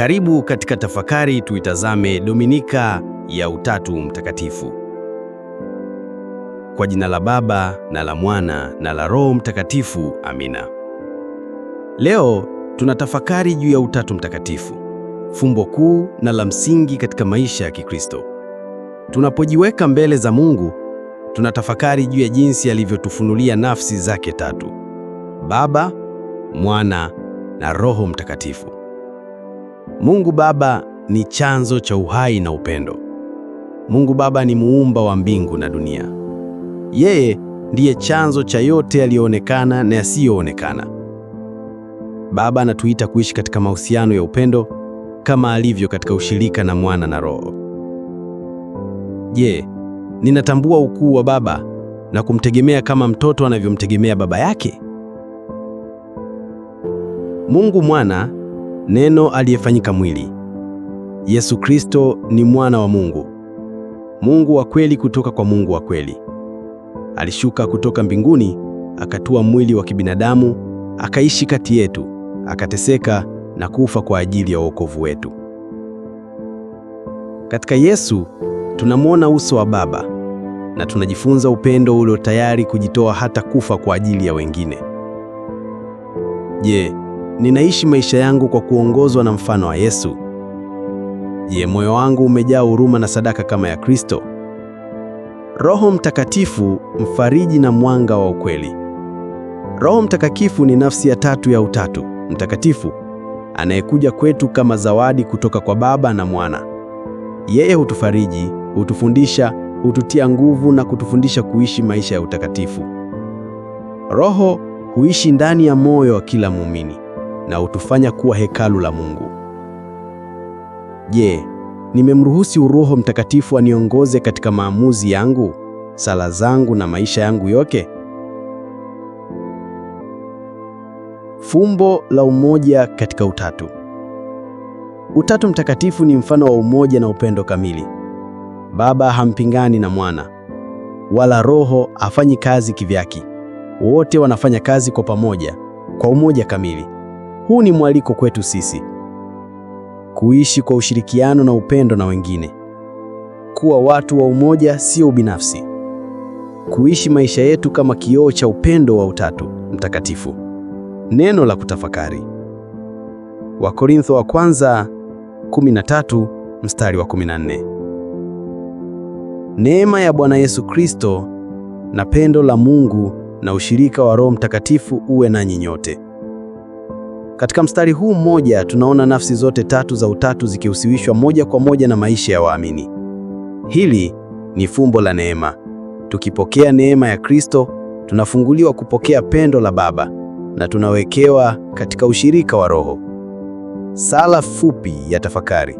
Karibu katika tafakari, tuitazame Dominika ya Utatu Mtakatifu. Kwa jina la Baba na la Mwana na la Roho Mtakatifu, amina. Leo tunatafakari juu ya Utatu Mtakatifu, fumbo kuu na la msingi katika maisha ya Kikristo. Tunapojiweka mbele za Mungu, tunatafakari juu ya jinsi alivyotufunulia nafsi zake tatu: Baba, Mwana na Roho Mtakatifu. Mungu Baba ni chanzo cha uhai na upendo. Mungu Baba ni muumba wa mbingu na dunia. Yeye ndiye chanzo cha yote yaliyoonekana na yasiyoonekana. Baba anatuita kuishi katika mahusiano ya upendo kama alivyo katika ushirika na Mwana na Roho. Je, ninatambua ukuu wa Baba na kumtegemea kama mtoto anavyomtegemea baba yake? Mungu Mwana Neno aliyefanyika mwili. Yesu Kristo ni mwana wa Mungu, Mungu wa kweli kutoka kwa Mungu wa kweli. Alishuka kutoka mbinguni, akatua mwili wa kibinadamu, akaishi kati yetu, akateseka na kufa kwa ajili ya wokovu wetu. Katika Yesu tunamwona uso wa Baba na tunajifunza upendo ulio tayari kujitoa hata kufa kwa ajili ya wengine. Je, ninaishi maisha yangu kwa kuongozwa na mfano wa Yesu. Je, moyo wangu umejaa huruma na sadaka kama ya Kristo? Roho Mtakatifu, mfariji na mwanga wa ukweli. Roho Mtakatifu ni nafsi ya tatu ya Utatu Mtakatifu anayekuja kwetu kama zawadi kutoka kwa Baba na Mwana. Yeye hutufariji, hutufundisha, hututia nguvu na kutufundisha kuishi maisha ya utakatifu. Roho huishi ndani ya moyo wa kila muumini na hutufanya kuwa hekalu la Mungu. Je, nimemruhusi Roho Mtakatifu aniongoze katika maamuzi yangu, sala zangu na maisha yangu yote? Fumbo la umoja katika utatu. Utatu Mtakatifu ni mfano wa umoja na upendo kamili. Baba hampingani na Mwana, wala Roho hafanyi kazi kivyake. Wote wanafanya kazi kwa pamoja, kwa umoja kamili. Huu ni mwaliko kwetu sisi kuishi kwa ushirikiano na upendo na wengine, kuwa watu wa umoja, sio ubinafsi, kuishi maisha yetu kama kioo cha upendo wa Utatu Mtakatifu. Neno la kutafakari, Wakorintho wa kwanza 13 mstari wa 14. Neema ya Bwana Yesu Kristo na pendo la Mungu na ushirika wa Roho Mtakatifu uwe nanyi nyote. Katika mstari huu mmoja tunaona nafsi zote tatu za utatu zikihusishwa moja kwa moja na maisha ya waamini. Hili ni fumbo la neema. Tukipokea neema ya Kristo, tunafunguliwa kupokea pendo la Baba na tunawekewa katika ushirika wa Roho. Sala fupi ya tafakari.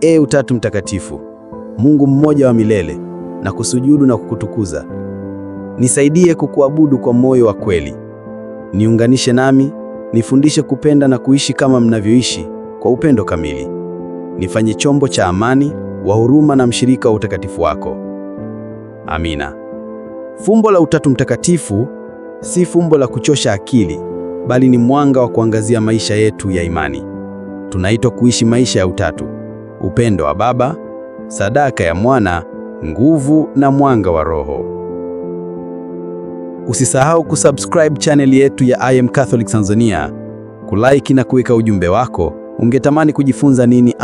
E Utatu Mtakatifu, Mungu mmoja wa milele, na kusujudu na kukutukuza, nisaidie kukuabudu kwa moyo wa kweli Niunganishe nami, nifundishe kupenda na kuishi kama mnavyoishi kwa upendo kamili. Nifanye chombo cha amani, wa huruma na mshirika wa utakatifu wako. Amina. Fumbo la Utatu Mtakatifu si fumbo la kuchosha akili, bali ni mwanga wa kuangazia maisha yetu ya imani. Tunaitwa kuishi maisha ya utatu: upendo wa Baba, sadaka ya Mwana, nguvu na mwanga wa Roho. Usisahau kusubscribe channel yetu ya I am Catholic Tanzania, kulike na kuweka ujumbe wako. Ungetamani kujifunza nini?